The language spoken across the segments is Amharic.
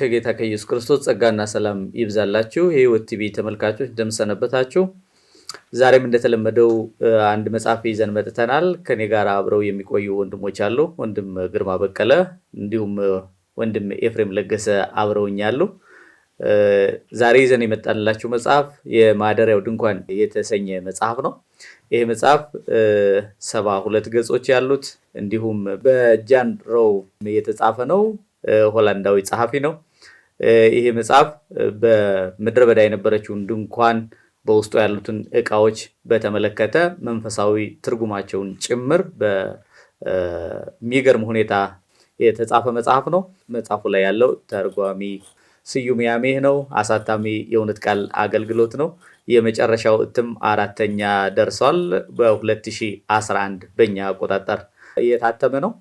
ከጌታ ከኢየሱስ ክርስቶስ ጸጋና ሰላም ይብዛላችሁ። የህይወት ቲቪ ተመልካቾች እንደምሰነበታችሁ። ዛሬም እንደተለመደው አንድ መጽሐፍ ይዘን መጥተናል። ከኔ ጋር አብረው የሚቆዩ ወንድሞች አሉ። ወንድም ግርማ በቀለ እንዲሁም ወንድም ኤፍሬም ለገሰ አብረውኛሉ። ዛሬ ይዘን የመጣንላችሁ መጽሐፍ የማደሪያው ድንኳን የተሰኘ መጽሐፍ ነው። ይህ መጽሐፍ ሰባ ሁለት ገጾች ያሉት እንዲሁም በጃን ሮው የተጻፈ ነው። ሆላንዳዊ ጸሐፊ ነው። ይሄ መጽሐፍ በምድረ በዳ የነበረችውን ድንኳን በውስጡ ያሉትን እቃዎች በተመለከተ መንፈሳዊ ትርጉማቸውን ጭምር በሚገርም ሁኔታ የተጻፈ መጽሐፍ ነው። መጽሐፉ ላይ ያለው ተርጓሚ ስዩም ያሜህ ነው። አሳታሚ የእውነት ቃል አገልግሎት ነው። የመጨረሻው እትም አራተኛ ደርሷል። በ2011 በኛ አቆጣጠር እየታተመ ነው።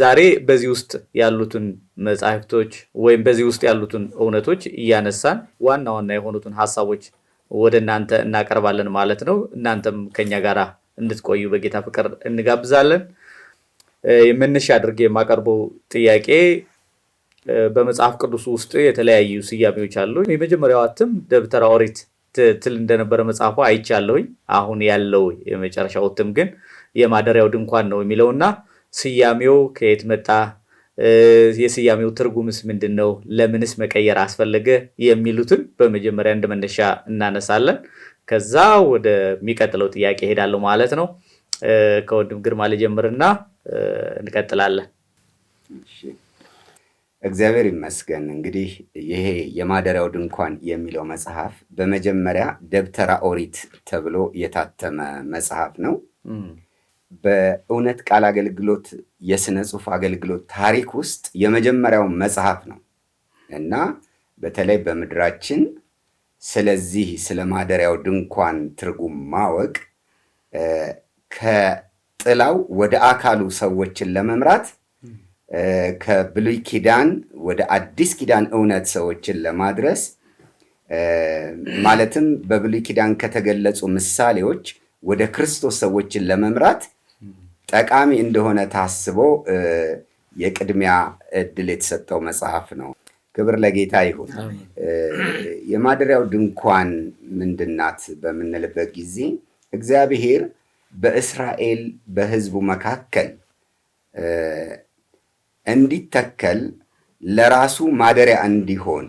ዛሬ በዚህ ውስጥ ያሉትን መጽሐፍቶች ወይም በዚህ ውስጥ ያሉትን እውነቶች እያነሳን ዋና ዋና የሆኑትን ሀሳቦች ወደ እናንተ እናቀርባለን ማለት ነው። እናንተም ከኛ ጋር እንድትቆዩ በጌታ ፍቅር እንጋብዛለን። መነሻ አድርጌ የማቀርበው ጥያቄ በመጽሐፍ ቅዱስ ውስጥ የተለያዩ ስያሜዎች አሉ። የመጀመሪያው እትም ደብተራ ኦሪት ትል እንደነበረ መጽሐፉ አይቻለሁኝ። አሁን ያለው የመጨረሻው እትም ግን የማደሪያው ድንኳን ነው የሚለውና ስያሜው ከየት መጣ፣ የስያሜው ትርጉምስ ምንድን ነው፣ ለምንስ መቀየር አስፈለገ የሚሉትን በመጀመሪያ እንደ መነሻ እናነሳለን። ከዛ ወደሚቀጥለው ጥያቄ ሄዳለሁ ማለት ነው። ከወንድም ግርማ ልጀምርና እንቀጥላለን። እግዚአብሔር ይመስገን። እንግዲህ ይሄ የማደሪያው ድንኳን የሚለው መጽሐፍ በመጀመሪያ ደብተራ ኦሪት ተብሎ የታተመ መጽሐፍ ነው። በእውነት ቃል አገልግሎት የስነ ጽሁፍ አገልግሎት ታሪክ ውስጥ የመጀመሪያው መጽሐፍ ነው እና በተለይ በምድራችን ስለዚህ ስለ ማደሪያው ድንኳን ትርጉም ማወቅ ከጥላው ወደ አካሉ ሰዎችን ለመምራት ከብሉይ ኪዳን ወደ አዲስ ኪዳን እውነት ሰዎችን ለማድረስ ማለትም በብሉይ ኪዳን ከተገለጹ ምሳሌዎች ወደ ክርስቶስ ሰዎችን ለመምራት ጠቃሚ እንደሆነ ታስቦ የቅድሚያ እድል የተሰጠው መጽሐፍ ነው። ክብር ለጌታ ይሁን። የማደሪያው ድንኳን ምንድናት በምንልበት ጊዜ እግዚአብሔር በእስራኤል በሕዝቡ መካከል እንዲተከል ለራሱ ማደሪያ እንዲሆን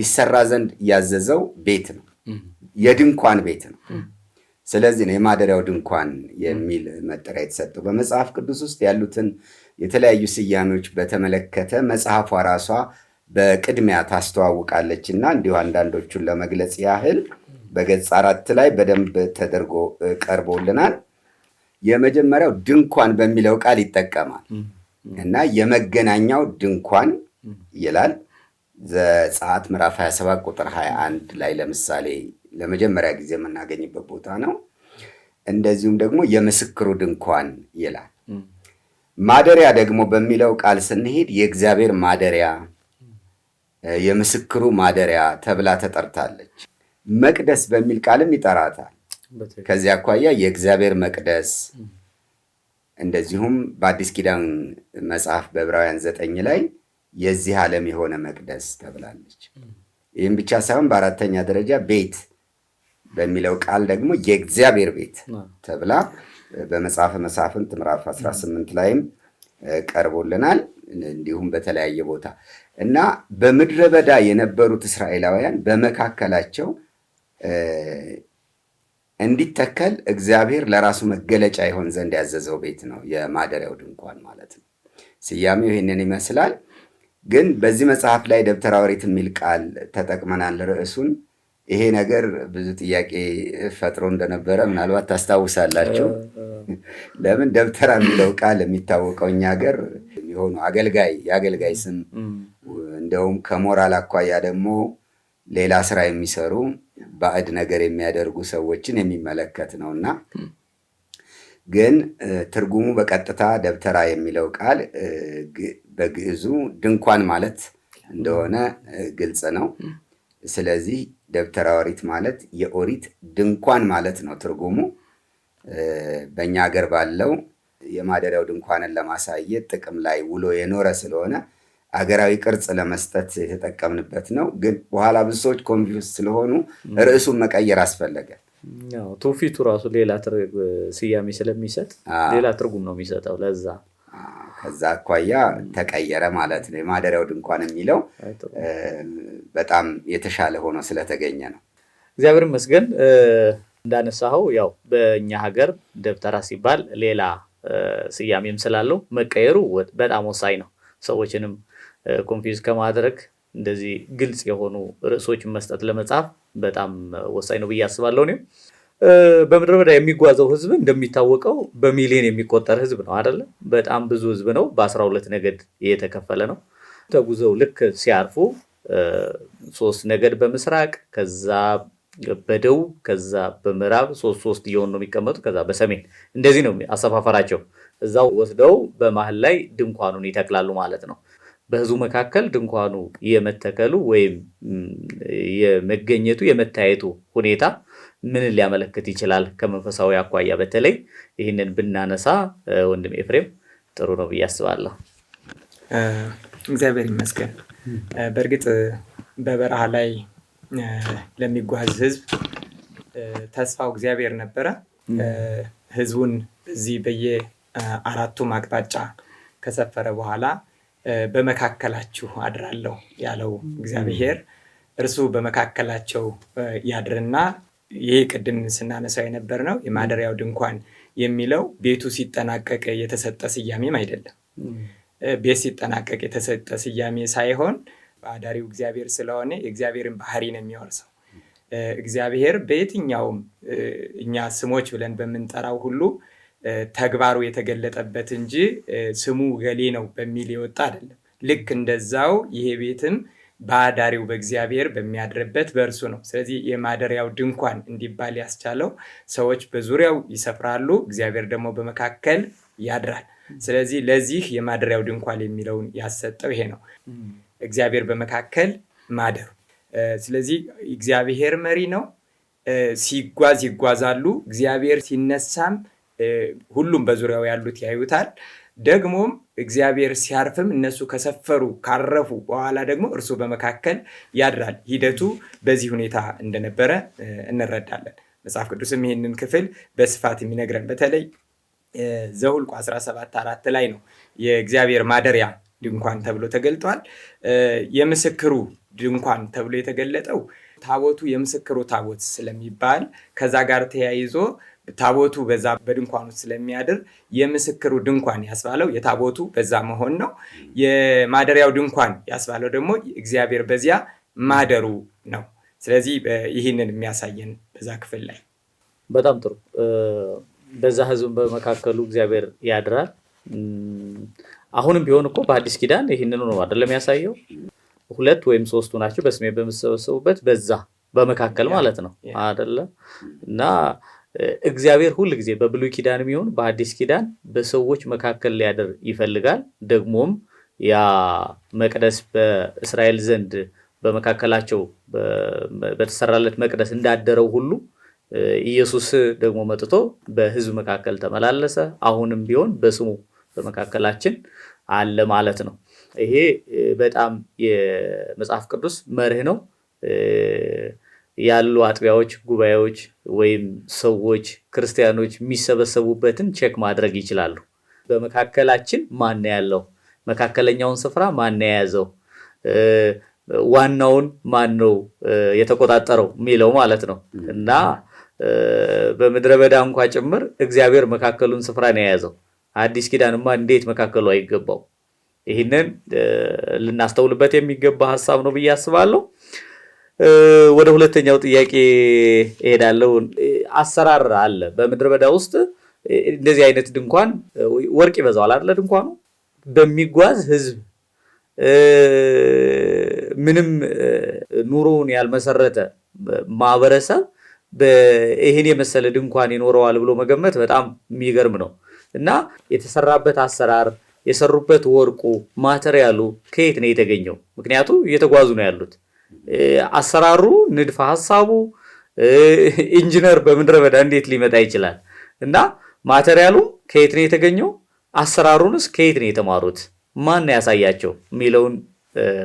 ይሰራ ዘንድ ያዘዘው ቤት ነው፣ የድንኳን ቤት ነው። ስለዚህ ነው የማደሪያው ድንኳን የሚል መጠሪያ የተሰጠው። በመጽሐፍ ቅዱስ ውስጥ ያሉትን የተለያዩ ስያሜዎች በተመለከተ መጽሐፏ ራሷ በቅድሚያ ታስተዋውቃለች እና እንዲሁ አንዳንዶቹን ለመግለጽ ያህል በገጽ አራት ላይ በደንብ ተደርጎ ቀርቦልናል። የመጀመሪያው ድንኳን በሚለው ቃል ይጠቀማል እና የመገናኛው ድንኳን ይላል። ዘጸአት ምዕራፍ 27 ቁጥር 21 ላይ ለምሳሌ ለመጀመሪያ ጊዜ የምናገኝበት ቦታ ነው። እንደዚሁም ደግሞ የምስክሩ ድንኳን ይላል። ማደሪያ ደግሞ በሚለው ቃል ስንሄድ የእግዚአብሔር ማደሪያ፣ የምስክሩ ማደሪያ ተብላ ተጠርታለች። መቅደስ በሚል ቃልም ይጠራታል። ከዚህ አኳያ የእግዚአብሔር መቅደስ እንደዚሁም በአዲስ ኪዳን መጽሐፍ በዕብራውያን ዘጠኝ ላይ የዚህ ዓለም የሆነ መቅደስ ተብላለች። ይህም ብቻ ሳይሆን በአራተኛ ደረጃ ቤት በሚለው ቃል ደግሞ የእግዚአብሔር ቤት ተብላ በመጽሐፈ መሳፍንት ምዕራፍ 18 ላይም ቀርቦልናል። እንዲሁም በተለያየ ቦታ እና በምድረ በዳ የነበሩት እስራኤላውያን በመካከላቸው እንዲተከል እግዚአብሔር ለራሱ መገለጫ ይሆን ዘንድ ያዘዘው ቤት ነው የማደሪያው ድንኳን ማለት ነው። ስያሜው ይህንን ይመስላል። ግን በዚህ መጽሐፍ ላይ ደብተራ ኦሪት የሚል ቃል ተጠቅመናል ርዕሱን ይሄ ነገር ብዙ ጥያቄ ፈጥሮ እንደነበረ ምናልባት ታስታውሳላችሁ። ለምን ደብተራ የሚለው ቃል የሚታወቀው እኛ ሀገር የሆኑ አገልጋይ የአገልጋይ ስም እንደውም ከሞራል አኳያ ደግሞ ሌላ ስራ የሚሰሩ ባዕድ ነገር የሚያደርጉ ሰዎችን የሚመለከት ነው እና ግን ትርጉሙ በቀጥታ ደብተራ የሚለው ቃል በግዕዙ ድንኳን ማለት እንደሆነ ግልጽ ነው። ስለዚህ ደብተራ ኦሪት ማለት የኦሪት ድንኳን ማለት ነው ትርጉሙ። በእኛ ሀገር ባለው የማደሪያው ድንኳንን ለማሳየት ጥቅም ላይ ውሎ የኖረ ስለሆነ አገራዊ ቅርጽ ለመስጠት የተጠቀምንበት ነው። ግን በኋላ ብዙ ሰዎች ኮንፊውስ ስለሆኑ ርዕሱን መቀየር አስፈለገ። ትውፊቱ ራሱ ሌላ ስያሜ ስለሚሰጥ ሌላ ትርጉም ነው የሚሰጠው ለዛ ከዛ አኳያ ተቀየረ ማለት ነው። የማደሪያው ድንኳን የሚለው በጣም የተሻለ ሆኖ ስለተገኘ ነው። እግዚአብሔር ይመስገን። እንዳነሳኸው ያው በእኛ ሀገር ደብተራ ሲባል ሌላ ስያሜም ስላለው መቀየሩ በጣም ወሳኝ ነው። ሰዎችንም ኮንፊውዝ ከማድረግ እንደዚህ ግልጽ የሆኑ ርዕሶችን መስጠት ለመጽሐፍ በጣም ወሳኝ ነው ብዬ አስባለሁ እኔም በምድረ በዳ የሚጓዘው ህዝብ እንደሚታወቀው በሚሊዮን የሚቆጠር ህዝብ ነው አይደለ? በጣም ብዙ ህዝብ ነው። በአስራ ሁለት ነገድ የተከፈለ ነው። ተጉዘው ልክ ሲያርፉ ሶስት ነገድ በምስራቅ ከዛ በደቡብ ከዛ በምዕራብ ሶስት ሶስት እየሆኑ ነው የሚቀመጡ። ከዛ በሰሜን እንደዚህ ነው አሰፋፈራቸው። እዛው ወስደው በመሀል ላይ ድንኳኑን ይተክላሉ ማለት ነው። በህዝቡ መካከል ድንኳኑ የመተከሉ ወይም የመገኘቱ የመታየቱ ሁኔታ ምንን ሊያመለክት ይችላል? ከመንፈሳዊ አኳያ በተለይ ይህንን ብናነሳ ወንድም ኤፍሬም ጥሩ ነው ብዬ አስባለሁ። እግዚአብሔር ይመስገን። በእርግጥ በበረሃ ላይ ለሚጓዝ ህዝብ ተስፋው እግዚአብሔር ነበረ። ህዝቡን በዚህ አራቱም አቅጣጫ ከሰፈረ በኋላ በመካከላችሁ አድራለሁ ያለው እግዚአብሔር እርሱ በመካከላቸው ያድርና ይሄ ቅድም ስናነሳው የነበር ነው። የማደሪያው ድንኳን የሚለው ቤቱ ሲጠናቀቅ የተሰጠ ስያሜም አይደለም። ቤት ሲጠናቀቅ የተሰጠ ስያሜ ሳይሆን በአዳሪው እግዚአብሔር ስለሆነ የእግዚአብሔርን ባህሪ ነው የሚወርሰው። እግዚአብሔር በየትኛውም እኛ ስሞች ብለን በምንጠራው ሁሉ ተግባሩ የተገለጠበት እንጂ ስሙ ገሌ ነው በሚል የወጣ አይደለም። ልክ እንደዛው ይሄ ቤትም ባዳሪው በእግዚአብሔር በሚያድርበት በእርሱ ነው። ስለዚህ የማደሪያው ድንኳን እንዲባል ያስቻለው ሰዎች በዙሪያው ይሰፍራሉ፣ እግዚአብሔር ደግሞ በመካከል ያድራል። ስለዚህ ለዚህ የማደሪያው ድንኳን የሚለውን ያሰጠው ይሄ ነው፣ እግዚአብሔር በመካከል ማደሩ። ስለዚህ እግዚአብሔር መሪ ነው። ሲጓዝ ይጓዛሉ። እግዚአብሔር ሲነሳም ሁሉም በዙሪያው ያሉት ያዩታል። ደግሞም እግዚአብሔር ሲያርፍም እነሱ ከሰፈሩ ካረፉ በኋላ ደግሞ እርሱ በመካከል ያድራል። ሂደቱ በዚህ ሁኔታ እንደነበረ እንረዳለን። መጽሐፍ ቅዱስም ይህንን ክፍል በስፋት የሚነግረን በተለይ ዘኍልቍ 17 አራት ላይ ነው። የእግዚአብሔር ማደሪያ ድንኳን ተብሎ ተገልጧል። የምስክሩ ድንኳን ተብሎ የተገለጠው ታቦቱ የምስክሩ ታቦት ስለሚባል ከዛ ጋር ተያይዞ ታቦቱ በዛ በድንኳኑ ስለሚያድር የምስክሩ ድንኳን ያስባለው የታቦቱ በዛ መሆን ነው። የማደሪያው ድንኳን ያስባለው ደግሞ እግዚአብሔር በዚያ ማደሩ ነው። ስለዚህ ይህንን የሚያሳየን በዛ ክፍል ላይ በጣም ጥሩ። በዛ ህዝብ በመካከሉ እግዚአብሔር ያድራል። አሁንም ቢሆን እኮ በአዲስ ኪዳን ይህንኑ ነው አይደለም የሚያሳየው ሁለት ወይም ሶስቱ ናቸው በስሜ በምሰበሰቡበት በዛ በመካከል ማለት ነው አደለም እና እግዚአብሔር ሁል ጊዜ በብሉይ ኪዳን የሚሆን በአዲስ ኪዳን በሰዎች መካከል ሊያደር ይፈልጋል። ደግሞም ያ መቅደስ በእስራኤል ዘንድ በመካከላቸው በተሰራለት መቅደስ እንዳደረው ሁሉ ኢየሱስ ደግሞ መጥቶ በሕዝብ መካከል ተመላለሰ። አሁንም ቢሆን በስሙ በመካከላችን አለ ማለት ነው። ይሄ በጣም የመጽሐፍ ቅዱስ መርህ ነው። ያሉ አጥቢያዎች፣ ጉባኤዎች ወይም ሰዎች ክርስቲያኖች የሚሰበሰቡበትን ቼክ ማድረግ ይችላሉ። በመካከላችን ማን ያለው? መካከለኛውን ስፍራ ማን የያዘው? ዋናውን ማን ነው የተቆጣጠረው የሚለው ማለት ነው እና በምድረ በዳ እንኳ ጭምር እግዚአብሔር መካከሉን ስፍራ ነው የያዘው። አዲስ ኪዳንማ እንዴት መካከሉ አይገባው? ይህንን ልናስተውልበት የሚገባ ሀሳብ ነው ብዬ አስባለሁ። ወደ ሁለተኛው ጥያቄ እሄዳለሁ። አሰራር አለ በምድረ በዳ ውስጥ እንደዚህ አይነት ድንኳን ወርቅ ይበዛዋል አይደለ? ድንኳኑ በሚጓዝ ህዝብ ምንም ኑሮውን ያልመሰረተ ማህበረሰብ ይህን የመሰለ ድንኳን ይኖረዋል ብሎ መገመት በጣም የሚገርም ነው እና የተሰራበት አሰራር የሰሩበት ወርቁ ማተሪያሉ ከየት ነው የተገኘው? ምክንያቱ እየተጓዙ ነው ያሉት አሰራሩ፣ ንድፈ ሀሳቡ፣ ኢንጂነር በምድረ በዳ እንዴት ሊመጣ ይችላል? እና ማቴሪያሉ ከየት ነው የተገኘው? አሰራሩንስ ከየት ነው የተማሩት? ማን ያሳያቸው የሚለውን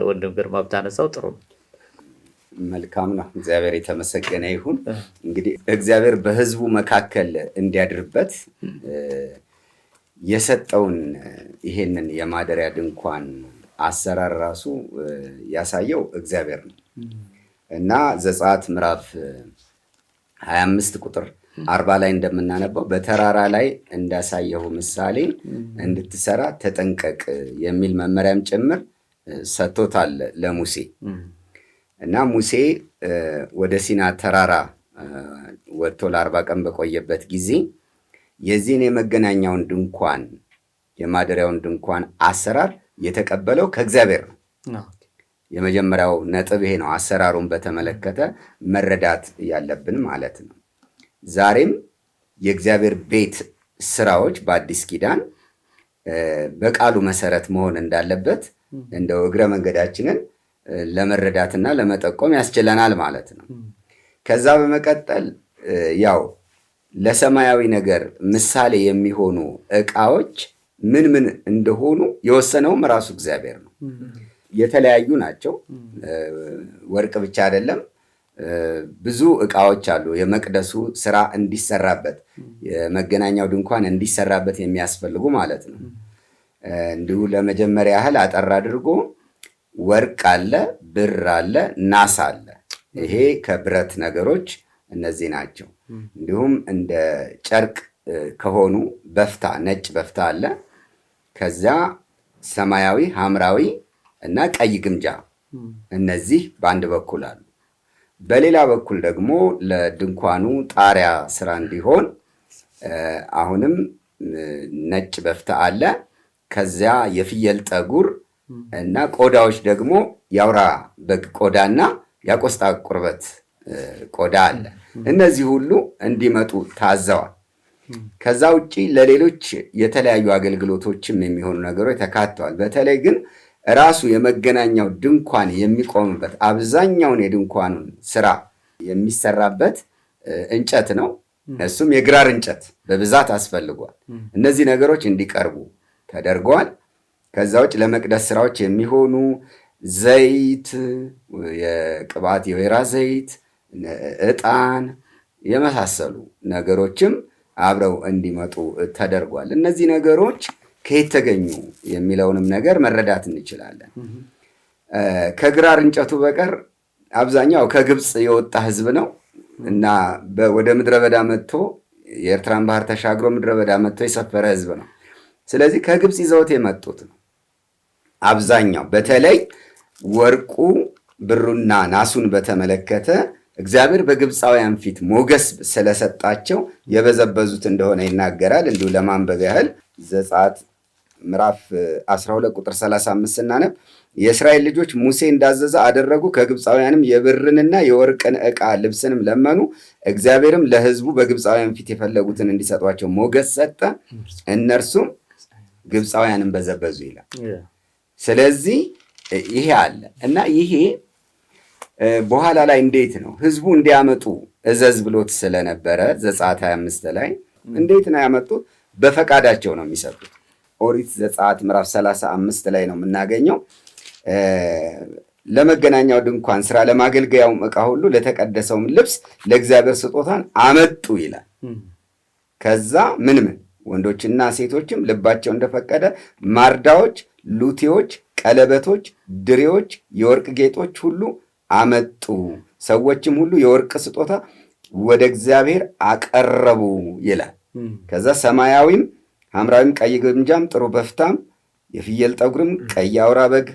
ወንድም ግርማ ብታነሳው ጥሩ ነው። መልካም ነው። እግዚአብሔር የተመሰገነ ይሁን። እንግዲህ እግዚአብሔር በሕዝቡ መካከል እንዲያድርበት የሰጠውን ይሄንን የማደሪያ ድንኳን አሰራር ራሱ ያሳየው እግዚአብሔር ነው እና ዘጸአት ምዕራፍ 25 ቁጥር አርባ ላይ እንደምናነባው በተራራ ላይ እንዳሳየው ምሳሌ እንድትሰራ ተጠንቀቅ የሚል መመሪያም ጭምር ሰጥቶታል ለሙሴ እና ሙሴ ወደ ሲና ተራራ ወጥቶ ለአርባ ቀን በቆየበት ጊዜ የዚህን የመገናኛውን ድንኳን የማደሪያውን ድንኳን አሰራር የተቀበለው ከእግዚአብሔር ነው። የመጀመሪያው ነጥብ ይሄ ነው። አሰራሩን በተመለከተ መረዳት ያለብን ማለት ነው። ዛሬም የእግዚአብሔር ቤት ስራዎች በአዲስ ኪዳን በቃሉ መሰረት መሆን እንዳለበት እንደው እግረ መንገዳችንን ለመረዳትና ለመጠቆም ያስችለናል ማለት ነው። ከዛ በመቀጠል ያው ለሰማያዊ ነገር ምሳሌ የሚሆኑ እቃዎች። ምን ምን እንደሆኑ የወሰነውም ራሱ እግዚአብሔር ነው። የተለያዩ ናቸው። ወርቅ ብቻ አይደለም። ብዙ እቃዎች አሉ። የመቅደሱ ስራ እንዲሰራበት የመገናኛው ድንኳን እንዲሰራበት የሚያስፈልጉ ማለት ነው። እንዲሁ ለመጀመሪያ ያህል አጠር አድርጎ ወርቅ አለ፣ ብር አለ፣ ናስ አለ። ይሄ ከብረት ነገሮች እነዚህ ናቸው። እንዲሁም እንደ ጨርቅ ከሆኑ በፍታ ነጭ በፍታ አለ። ከዛ ሰማያዊ፣ ሐምራዊ እና ቀይ ግምጃ እነዚህ በአንድ በኩል አሉ። በሌላ በኩል ደግሞ ለድንኳኑ ጣሪያ ስራ እንዲሆን አሁንም ነጭ በፍታ አለ። ከዚያ የፍየል ጠጉር እና ቆዳዎች ደግሞ የአውራ በግ ቆዳና የአቆስጣ ቁርበት ቆዳ አለ። እነዚህ ሁሉ እንዲመጡ ታዘዋል። ከዛ ውጭ ለሌሎች የተለያዩ አገልግሎቶችም የሚሆኑ ነገሮች ተካተዋል። በተለይ ግን ራሱ የመገናኛው ድንኳን የሚቆምበት አብዛኛውን የድንኳኑን ስራ የሚሰራበት እንጨት ነው። እሱም የግራር እንጨት በብዛት አስፈልጓል። እነዚህ ነገሮች እንዲቀርቡ ተደርገዋል። ከዛ ውጭ ለመቅደስ ስራዎች የሚሆኑ ዘይት፣ የቅባት የወይራ ዘይት፣ እጣን የመሳሰሉ ነገሮችም አብረው እንዲመጡ ተደርጓል። እነዚህ ነገሮች ከየት ተገኙ የሚለውንም ነገር መረዳት እንችላለን። ከግራር እንጨቱ በቀር አብዛኛው ከግብፅ የወጣ ህዝብ ነው እና ወደ ምድረ በዳ መጥቶ የኤርትራን ባህር ተሻግሮ ምድረ በዳ መጥቶ የሰፈረ ህዝብ ነው። ስለዚህ ከግብፅ ይዘውት የመጡት ነው አብዛኛው። በተለይ ወርቁ ብሩና ናሱን በተመለከተ እግዚአብሔር በግብፃውያን ፊት ሞገስ ስለሰጣቸው የበዘበዙት እንደሆነ ይናገራል። እንዲሁ ለማንበብ ያህል ዘጸአት ምዕራፍ 12 ቁጥር 35 ስናነብ የእስራኤል ልጆች ሙሴ እንዳዘዘ አደረጉ፣ ከግብፃውያንም የብርንና የወርቅን ዕቃ ልብስንም ለመኑ። እግዚአብሔርም ለሕዝቡ በግብፃውያን ፊት የፈለጉትን እንዲሰጧቸው ሞገስ ሰጠ፣ እነርሱም ግብፃውያንም በዘበዙ ይላል። ስለዚህ ይሄ አለ እና ይሄ በኋላ ላይ እንዴት ነው ህዝቡ እንዲያመጡ እዘዝ ብሎት ስለነበረ ዘጸአት 25 ላይ እንዴት ነው ያመጡት? በፈቃዳቸው ነው የሚሰጡት። ኦሪት ዘጸአት ምዕራፍ 35 ላይ ነው የምናገኘው ለመገናኛው ድንኳን ስራ ለማገልገያውም እቃ ሁሉ ለተቀደሰውም ልብስ ለእግዚአብሔር ስጦታን አመጡ ይላል። ከዛ ምን ምን ወንዶችና ሴቶችም ልባቸው እንደፈቀደ ማርዳዎች፣ ሉቴዎች፣ ቀለበቶች፣ ድሬዎች፣ የወርቅ ጌጦች ሁሉ አመጡ። ሰዎችም ሁሉ የወርቅ ስጦታ ወደ እግዚአብሔር አቀረቡ ይላል። ከዛ ሰማያዊም ሐምራዊም ቀይ ግምጃም ጥሩ በፍታም የፍየል ጠጉርም ቀይ አውራ በግ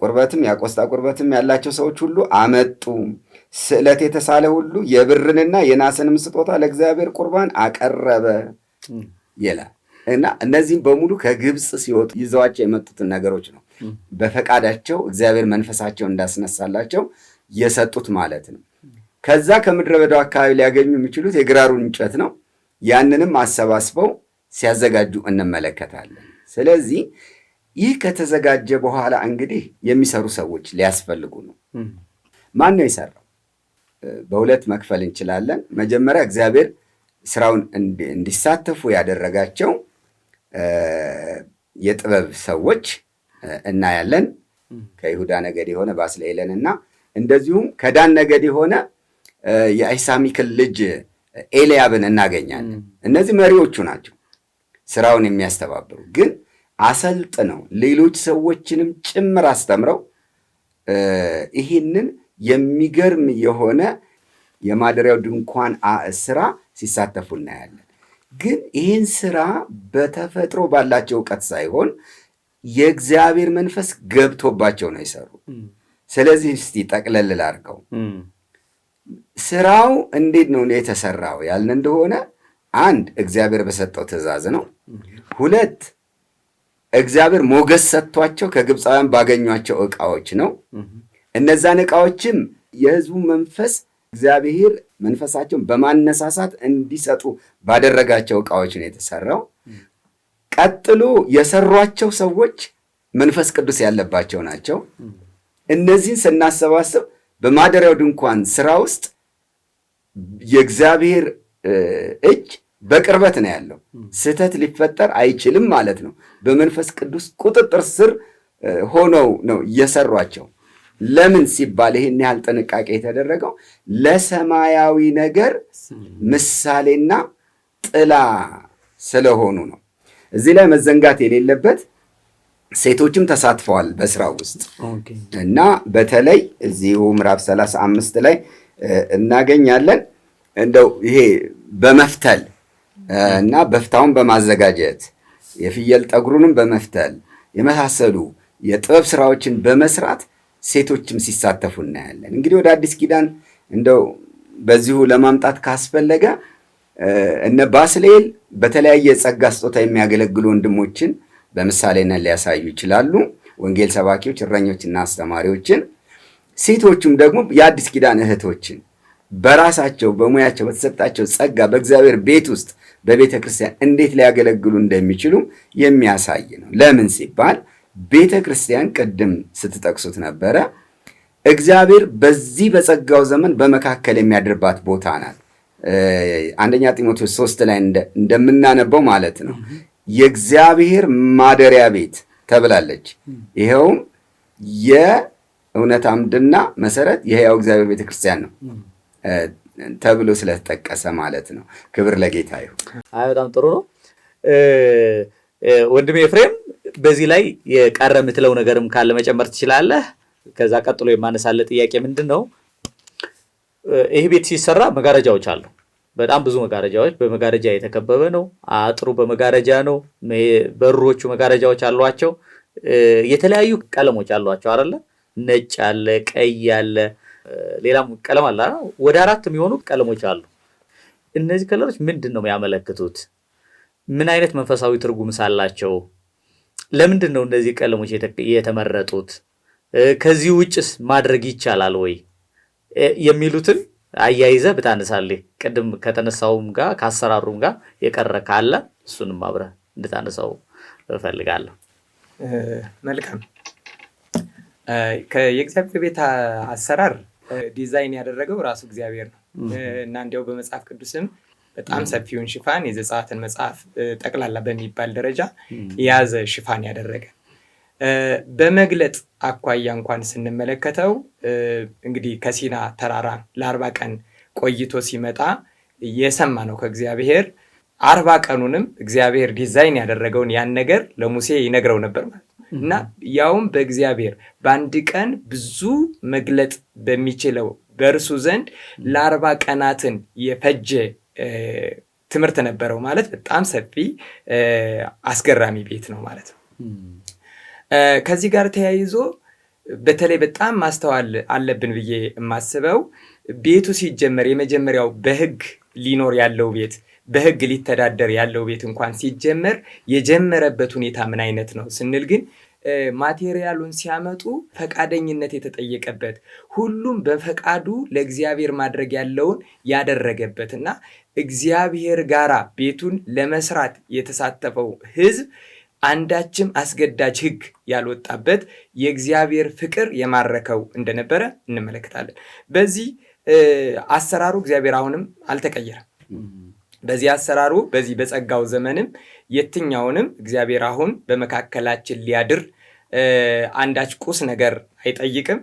ቁርበትም ያቆስጣ ቁርበትም ያላቸው ሰዎች ሁሉ አመጡ። ስዕለት የተሳለ ሁሉ የብርንና የናስንም ስጦታ ለእግዚአብሔር ቁርባን አቀረበ ይላል እና እነዚህም በሙሉ ከግብፅ ሲወጡ ይዘዋቸው የመጡትን ነገሮች ነው። በፈቃዳቸው እግዚአብሔር መንፈሳቸው እንዳስነሳላቸው የሰጡት ማለት ነው። ከዛ ከምድረ በዳው አካባቢ ሊያገኙ የሚችሉት የግራሩን እንጨት ነው። ያንንም አሰባስበው ሲያዘጋጁ እንመለከታለን። ስለዚህ ይህ ከተዘጋጀ በኋላ እንግዲህ የሚሰሩ ሰዎች ሊያስፈልጉ ነው። ማን ነው የሰራው? በሁለት መክፈል እንችላለን። መጀመሪያ እግዚአብሔር ስራውን እንዲሳተፉ ያደረጋቸው የጥበብ ሰዎች እናያለን። ከይሁዳ ነገድ የሆነ ባስልኤልን እና እንደዚሁም ከዳን ነገድ የሆነ የአይሳሚክል ልጅ ኤልያብን እናገኛለን። እነዚህ መሪዎቹ ናቸው ስራውን የሚያስተባብሩ ግን አሰልጥነው ሌሎች ሰዎችንም ጭምር አስተምረው ይህንን የሚገርም የሆነ የማደሪያው ድንኳን ስራ ሲሳተፉ እናያለን። ግን ይህን ስራ በተፈጥሮ ባላቸው እውቀት ሳይሆን የእግዚአብሔር መንፈስ ገብቶባቸው ነው የሰሩ። ስለዚህ እስቲ ጠቅለል አርገው ስራው እንዴት ነው የተሰራው ያልን እንደሆነ አንድ እግዚአብሔር በሰጠው ትእዛዝ ነው። ሁለት እግዚአብሔር ሞገስ ሰጥቷቸው ከግብፃውያን ባገኟቸው እቃዎች ነው። እነዛን እቃዎችም የህዝቡ መንፈስ እግዚአብሔር መንፈሳቸውን በማነሳሳት እንዲሰጡ ባደረጋቸው እቃዎች ነው የተሰራው። ቀጥሎ የሰሯቸው ሰዎች መንፈስ ቅዱስ ያለባቸው ናቸው። እነዚህን ስናሰባስብ በማደሪያው ድንኳን ስራ ውስጥ የእግዚአብሔር እጅ በቅርበት ነው ያለው። ስህተት ሊፈጠር አይችልም ማለት ነው። በመንፈስ ቅዱስ ቁጥጥር ስር ሆነው ነው እየሰሯቸው። ለምን ሲባል ይህን ያህል ጥንቃቄ የተደረገው ለሰማያዊ ነገር ምሳሌና ጥላ ስለሆኑ ነው። እዚህ ላይ መዘንጋት የሌለበት ሴቶችም ተሳትፈዋል በስራ ውስጥ እና በተለይ እዚሁ ምዕራፍ 35 ላይ እናገኛለን እንደው ይሄ በመፍተል እና በፍታውን በማዘጋጀት የፍየል ጠጉሩንም በመፍተል የመሳሰሉ የጥበብ ስራዎችን በመስራት ሴቶችም ሲሳተፉ እናያለን። እንግዲህ ወደ አዲስ ኪዳን እንደው በዚሁ ለማምጣት ካስፈለገ እነ ባስሌል በተለያየ ጸጋ ስጦታ የሚያገለግሉ ወንድሞችን በምሳሌነት ሊያሳዩ ይችላሉ። ወንጌል ሰባኪዎች፣ እረኞችና አስተማሪዎችን፣ ሴቶቹም ደግሞ የአዲስ ኪዳን እህቶችን በራሳቸው በሙያቸው በተሰጣቸው ጸጋ በእግዚአብሔር ቤት ውስጥ በቤተ ክርስቲያን እንዴት ሊያገለግሉ እንደሚችሉ የሚያሳይ ነው። ለምን ሲባል ቤተ ክርስቲያን ቅድም ስትጠቅሱት ነበረ፣ እግዚአብሔር በዚህ በጸጋው ዘመን በመካከል የሚያድርባት ቦታ ናት። አንደኛ ጢሞቴዎስ ሶስት ላይ እንደምናነበው ማለት ነው የእግዚአብሔር ማደሪያ ቤት ተብላለች። ይኸውም የእውነት አምድና መሰረት የህያው እግዚአብሔር ቤተክርስቲያን ነው ተብሎ ስለተጠቀሰ ማለት ነው። ክብር ለጌታ ይሁን። አይ በጣም ጥሩ ነው። ወንድሜ ኤፍሬም በዚህ ላይ የቀረ የምትለው ነገርም ካለ መጨመር ትችላለህ። ከዛ ቀጥሎ የማነሳለ ጥያቄ ምንድን ነው? ይህ ቤት ሲሰራ መጋረጃዎች አሉ። በጣም ብዙ መጋረጃዎች፣ በመጋረጃ የተከበበ ነው። አጥሩ በመጋረጃ ነው። በሮቹ መጋረጃዎች አሏቸው። የተለያዩ ቀለሞች አሏቸው አለ። ነጭ አለ፣ ቀይ አለ፣ ሌላም ቀለም አለ። ወደ አራት የሚሆኑ ቀለሞች አሉ። እነዚህ ከለሮች ምንድን ነው የሚያመለክቱት? ምን አይነት መንፈሳዊ ትርጉም ሳላቸው? ለምንድን ነው እነዚህ ቀለሞች የተመረጡት? ከዚህ ውጭስ ማድረግ ይቻላል ወይ? የሚሉትን አያይዘ ብታነሳልኝ ቅድም ከተነሳውም ጋር ከአሰራሩም ጋር የቀረ ካለ እሱንም አብረህ እንድታነሳው እፈልጋለሁ። መልካም። የእግዚአብሔር ቤት አሰራር ዲዛይን ያደረገው ራሱ እግዚአብሔር ነው እና እንዲያው በመጽሐፍ ቅዱስም በጣም ሰፊውን ሽፋን የዘጸአትን መጽሐፍ ጠቅላላ በሚባል ደረጃ የያዘ ሽፋን ያደረገ በመግለጥ አኳያ እንኳን ስንመለከተው እንግዲህ ከሲና ተራራ ለአርባ ቀን ቆይቶ ሲመጣ የሰማ ነው ከእግዚአብሔር አርባ ቀኑንም እግዚአብሔር ዲዛይን ያደረገውን ያን ነገር ለሙሴ ይነግረው ነበር ማለት ነው እና ያውም በእግዚአብሔር በአንድ ቀን ብዙ መግለጥ በሚችለው በእርሱ ዘንድ ለአርባ ቀናትን የፈጀ ትምህርት ነበረው ማለት በጣም ሰፊ አስገራሚ ቤት ነው ማለት ነው። ከዚህ ጋር ተያይዞ በተለይ በጣም ማስተዋል አለብን ብዬ የማስበው ቤቱ ሲጀመር የመጀመሪያው በህግ ሊኖር ያለው ቤት በህግ ሊተዳደር ያለው ቤት እንኳን ሲጀመር የጀመረበት ሁኔታ ምን አይነት ነው ስንል ግን ማቴሪያሉን ሲያመጡ ፈቃደኝነት የተጠየቀበት ሁሉም በፈቃዱ ለእግዚአብሔር ማድረግ ያለውን ያደረገበት እና እግዚአብሔር ጋራ ቤቱን ለመስራት የተሳተፈው ህዝብ። አንዳችም አስገዳጅ ህግ ያልወጣበት የእግዚአብሔር ፍቅር የማረከው እንደነበረ እንመለከታለን። በዚህ አሰራሩ እግዚአብሔር አሁንም አልተቀየረም። በዚህ አሰራሩ በዚህ በጸጋው ዘመንም የትኛውንም እግዚአብሔር አሁን በመካከላችን ሊያድር አንዳች ቁስ ነገር አይጠይቅም።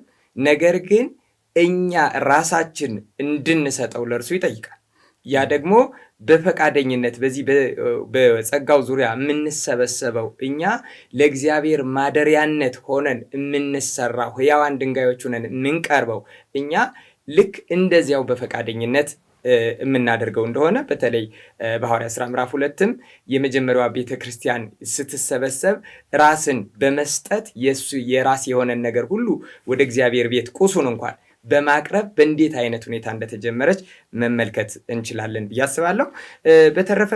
ነገር ግን እኛ ራሳችን እንድንሰጠው ለእርሱ ይጠይቃል። ያ ደግሞ በፈቃደኝነት በዚህ በጸጋው ዙሪያ የምንሰበሰበው እኛ ለእግዚአብሔር ማደሪያነት ሆነን የምንሰራው ሕያዋን ድንጋዮች ሆነን የምንቀርበው እኛ ልክ እንደዚያው በፈቃደኝነት የምናደርገው እንደሆነ በተለይ በሐዋርያ ሥራ ምዕራፍ ሁለትም የመጀመሪያዋ ቤተ ክርስቲያን ስትሰበሰብ ራስን በመስጠት የራስ የሆነን ነገር ሁሉ ወደ እግዚአብሔር ቤት ቁሱን እንኳን በማቅረብ በእንዴት አይነት ሁኔታ እንደተጀመረች መመልከት እንችላለን ብዬ አስባለሁ። በተረፈ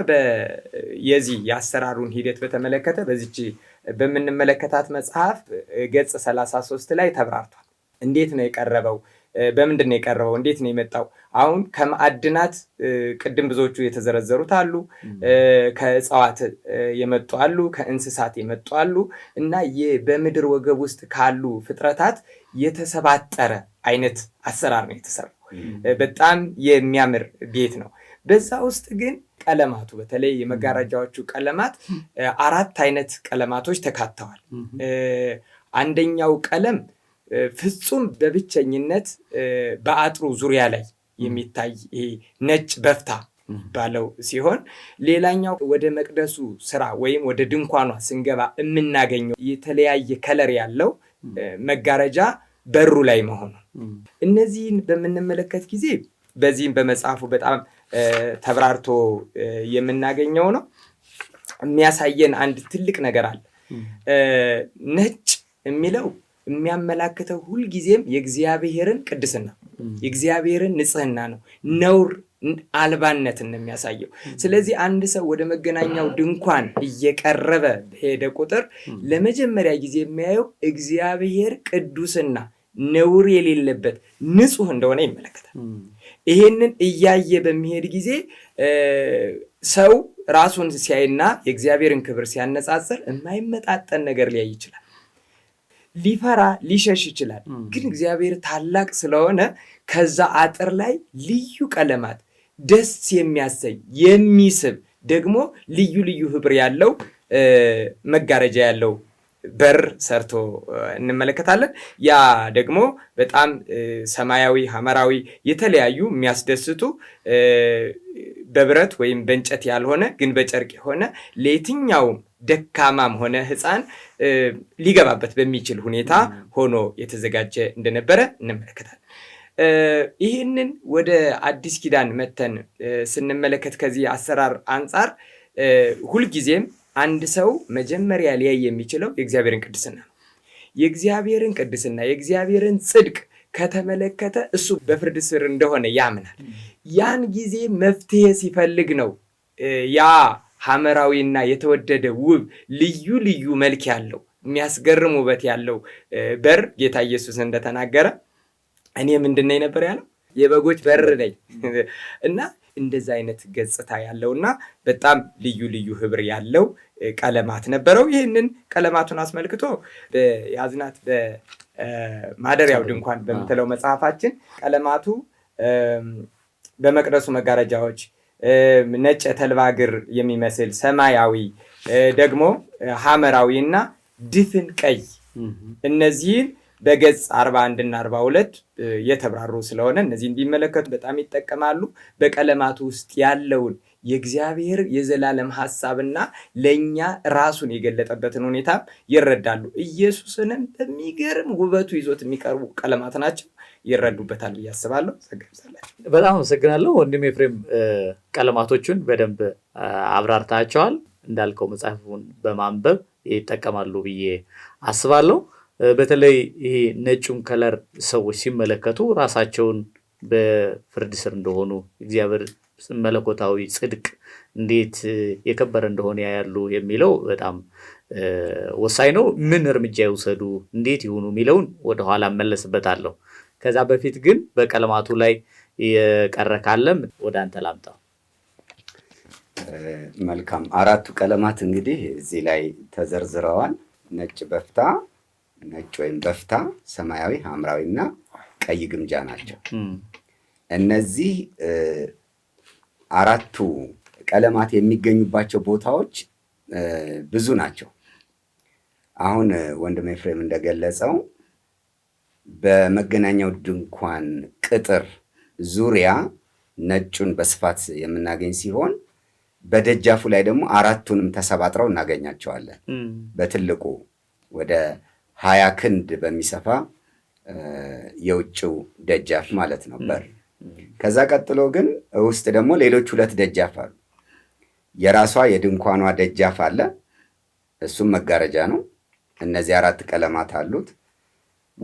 የዚህ የአሰራሩን ሂደት በተመለከተ በዚች በምንመለከታት መጽሐፍ ገጽ 33 ላይ ተብራርቷል። እንዴት ነው የቀረበው? በምንድን ነው የቀረበው? እንዴት ነው የመጣው? አሁን ከማዕድናት ቅድም ብዙዎቹ የተዘረዘሩት አሉ፣ ከእጽዋት የመጡ አሉ፣ ከእንስሳት የመጡ አሉ እና በምድር ወገብ ውስጥ ካሉ ፍጥረታት የተሰባጠረ አይነት አሰራር ነው የተሰራው። በጣም የሚያምር ቤት ነው። በዛ ውስጥ ግን ቀለማቱ በተለይ የመጋረጃዎቹ ቀለማት አራት አይነት ቀለማቶች ተካተዋል። አንደኛው ቀለም ፍጹም በብቸኝነት በአጥሩ ዙሪያ ላይ የሚታይ ነጭ በፍታ ባለው ሲሆን ሌላኛው ወደ መቅደሱ ስራ ወይም ወደ ድንኳኗ ስንገባ የምናገኘው የተለያየ ከለር ያለው መጋረጃ በሩ ላይ መሆኑ እነዚህን በምንመለከት ጊዜ በዚህም በመጽሐፉ በጣም ተብራርቶ የምናገኘው ነው። የሚያሳየን አንድ ትልቅ ነገር አለ። ነጭ የሚለው የሚያመላክተው ሁልጊዜም የእግዚአብሔርን ቅድስና የእግዚአብሔርን ንጽህና ነው። ነውር አልባነትን የሚያሳየው። ስለዚህ አንድ ሰው ወደ መገናኛው ድንኳን እየቀረበ በሄደ ቁጥር ለመጀመሪያ ጊዜ የሚያየው እግዚአብሔር ቅዱስና ነውር የሌለበት ንጹህ እንደሆነ ይመለከታል። ይሄንን እያየ በሚሄድ ጊዜ ሰው ራሱን ሲያይና የእግዚአብሔርን ክብር ሲያነጻጽር የማይመጣጠን ነገር ሊያይ ይችላል። ሊፈራ ሊሸሽ ይችላል። ግን እግዚአብሔር ታላቅ ስለሆነ ከዛ አጥር ላይ ልዩ ቀለማት ደስ የሚያሰኝ የሚስብ ደግሞ ልዩ ልዩ ህብር ያለው መጋረጃ ያለው በር ሰርቶ እንመለከታለን። ያ ደግሞ በጣም ሰማያዊ፣ ሐመራዊ የተለያዩ የሚያስደስቱ በብረት ወይም በእንጨት ያልሆነ ግን በጨርቅ የሆነ ለየትኛውም ደካማም ሆነ ህፃን ሊገባበት በሚችል ሁኔታ ሆኖ የተዘጋጀ እንደነበረ እንመለከታለን። ይህንን ወደ አዲስ ኪዳን መተን ስንመለከት ከዚህ አሰራር አንጻር ሁልጊዜም አንድ ሰው መጀመሪያ ሊያይ የሚችለው የእግዚአብሔርን ቅድስና ነው። የእግዚአብሔርን ቅድስና የእግዚአብሔርን ጽድቅ ከተመለከተ እሱ በፍርድ ስር እንደሆነ ያምናል። ያን ጊዜ መፍትሄ ሲፈልግ ነው ያ ሐመራዊና የተወደደ ውብ ልዩ ልዩ መልክ ያለው የሚያስገርም ውበት ያለው በር ጌታ ኢየሱስ እንደተናገረ እኔ ምንድን ነኝ ነበር ያለው የበጎች በር ነኝ እና እንደዛ አይነት ገጽታ ያለው እና በጣም ልዩ ልዩ ህብር ያለው ቀለማት ነበረው። ይህንን ቀለማቱን አስመልክቶ የአዝናት በማደሪያው ድንኳን በምትለው መጽሐፋችን ቀለማቱ በመቅደሱ መጋረጃዎች ነጭ የተልባ እግር የሚመስል ሰማያዊ፣ ደግሞ ሐመራዊ እና ድፍን ቀይ እነዚህን በገጽ 41 እና 42 የተብራሩ ስለሆነ እነዚህ እንዲመለከቱ በጣም ይጠቀማሉ። በቀለማቱ ውስጥ ያለውን የእግዚአብሔር የዘላለም ሀሳብና ለእኛ ራሱን የገለጠበትን ሁኔታ ይረዳሉ። ኢየሱስንም በሚገርም ውበቱ ይዞት የሚቀርቡ ቀለማት ናቸው። ይረዱበታል ብዬ አስባለሁ። በጣም አመሰግናለሁ ወንድም ኤፍሬም። ቀለማቶቹን በደንብ አብራርታቸዋል። እንዳልከው መጽሐፉን በማንበብ ይጠቀማሉ ብዬ አስባለሁ። በተለይ ይሄ ነጩን ከለር ሰዎች ሲመለከቱ ራሳቸውን በፍርድ ስር እንደሆኑ እግዚአብሔር መለኮታዊ ጽድቅ እንዴት የከበረ እንደሆነ ያያሉ የሚለው በጣም ወሳኝ ነው። ምን እርምጃ ይውሰዱ፣ እንዴት ይሁኑ የሚለውን ወደኋላ እመለስበታለሁ። ከዛ በፊት ግን በቀለማቱ ላይ የቀረ ካለም ወደ አንተ ላምጣ። መልካም። አራቱ ቀለማት እንግዲህ እዚህ ላይ ተዘርዝረዋል። ነጭ በፍታ ነጭ ወይም በፍታ፣ ሰማያዊ፣ ሐምራዊ እና ቀይ ግምጃ ናቸው። እነዚህ አራቱ ቀለማት የሚገኙባቸው ቦታዎች ብዙ ናቸው። አሁን ወንድም ኤፍሬም እንደገለጸው በመገናኛው ድንኳን ቅጥር ዙሪያ ነጩን በስፋት የምናገኝ ሲሆን በደጃፉ ላይ ደግሞ አራቱንም ተሰባጥረው እናገኛቸዋለን። በትልቁ ወደ ሀያ ክንድ በሚሰፋ የውጭው ደጃፍ ማለት ነው በር። ከዛ ቀጥሎ ግን ውስጥ ደግሞ ሌሎች ሁለት ደጃፍ አሉ። የራሷ የድንኳኗ ደጃፍ አለ፣ እሱም መጋረጃ ነው። እነዚህ አራት ቀለማት አሉት።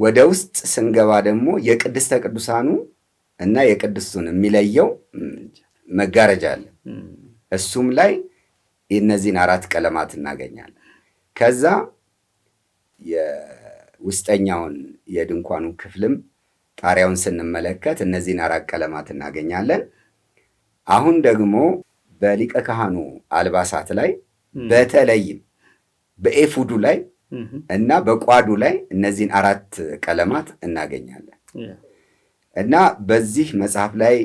ወደ ውስጥ ስንገባ ደግሞ የቅድስተ ቅዱሳኑ እና የቅድስቱን የሚለየው መጋረጃ አለ። እሱም ላይ እነዚህን አራት ቀለማት እናገኛለን። ከዛ የውስጠኛውን የድንኳኑ ክፍልም ጣሪያውን ስንመለከት እነዚህን አራት ቀለማት እናገኛለን። አሁን ደግሞ በሊቀ ካህኑ አልባሳት ላይ በተለይም በኤፉዱ ላይ እና በቋዱ ላይ እነዚህን አራት ቀለማት እናገኛለን እና በዚህ መጽሐፍ ላይ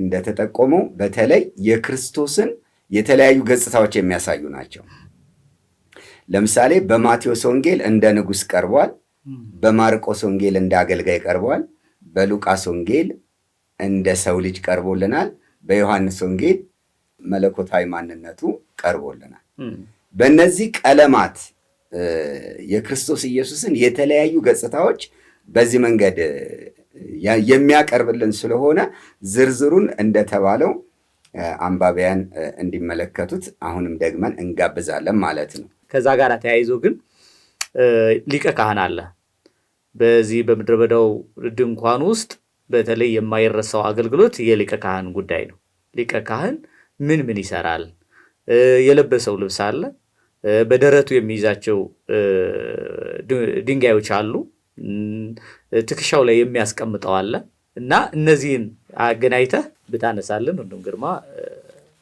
እንደተጠቆመው በተለይ የክርስቶስን የተለያዩ ገጽታዎች የሚያሳዩ ናቸው። ለምሳሌ በማቴዎስ ወንጌል እንደ ንጉስ ቀርቧል። በማርቆስ ወንጌል እንደ አገልጋይ ቀርቧል። በሉቃስ ወንጌል እንደ ሰው ልጅ ቀርቦልናል። በዮሐንስ ወንጌል መለኮታዊ ማንነቱ ቀርቦልናል። በእነዚህ ቀለማት የክርስቶስ ኢየሱስን የተለያዩ ገጽታዎች በዚህ መንገድ የሚያቀርብልን ስለሆነ ዝርዝሩን እንደተባለው አንባቢያን እንዲመለከቱት አሁንም ደግመን እንጋብዛለን ማለት ነው። ከዛ ጋር ተያይዞ ግን ሊቀ ካህን አለ። በዚህ በምድረ በዳው ድንኳን ውስጥ በተለይ የማይረሳው አገልግሎት የሊቀ ካህን ጉዳይ ነው። ሊቀ ካህን ምን ምን ይሰራል? የለበሰው ልብስ አለ። በደረቱ የሚይዛቸው ድንጋዮች አሉ። ትከሻው ላይ የሚያስቀምጠው አለ እና እነዚህን አገናኝተህ ብታነሳልን ወንድም ግርማ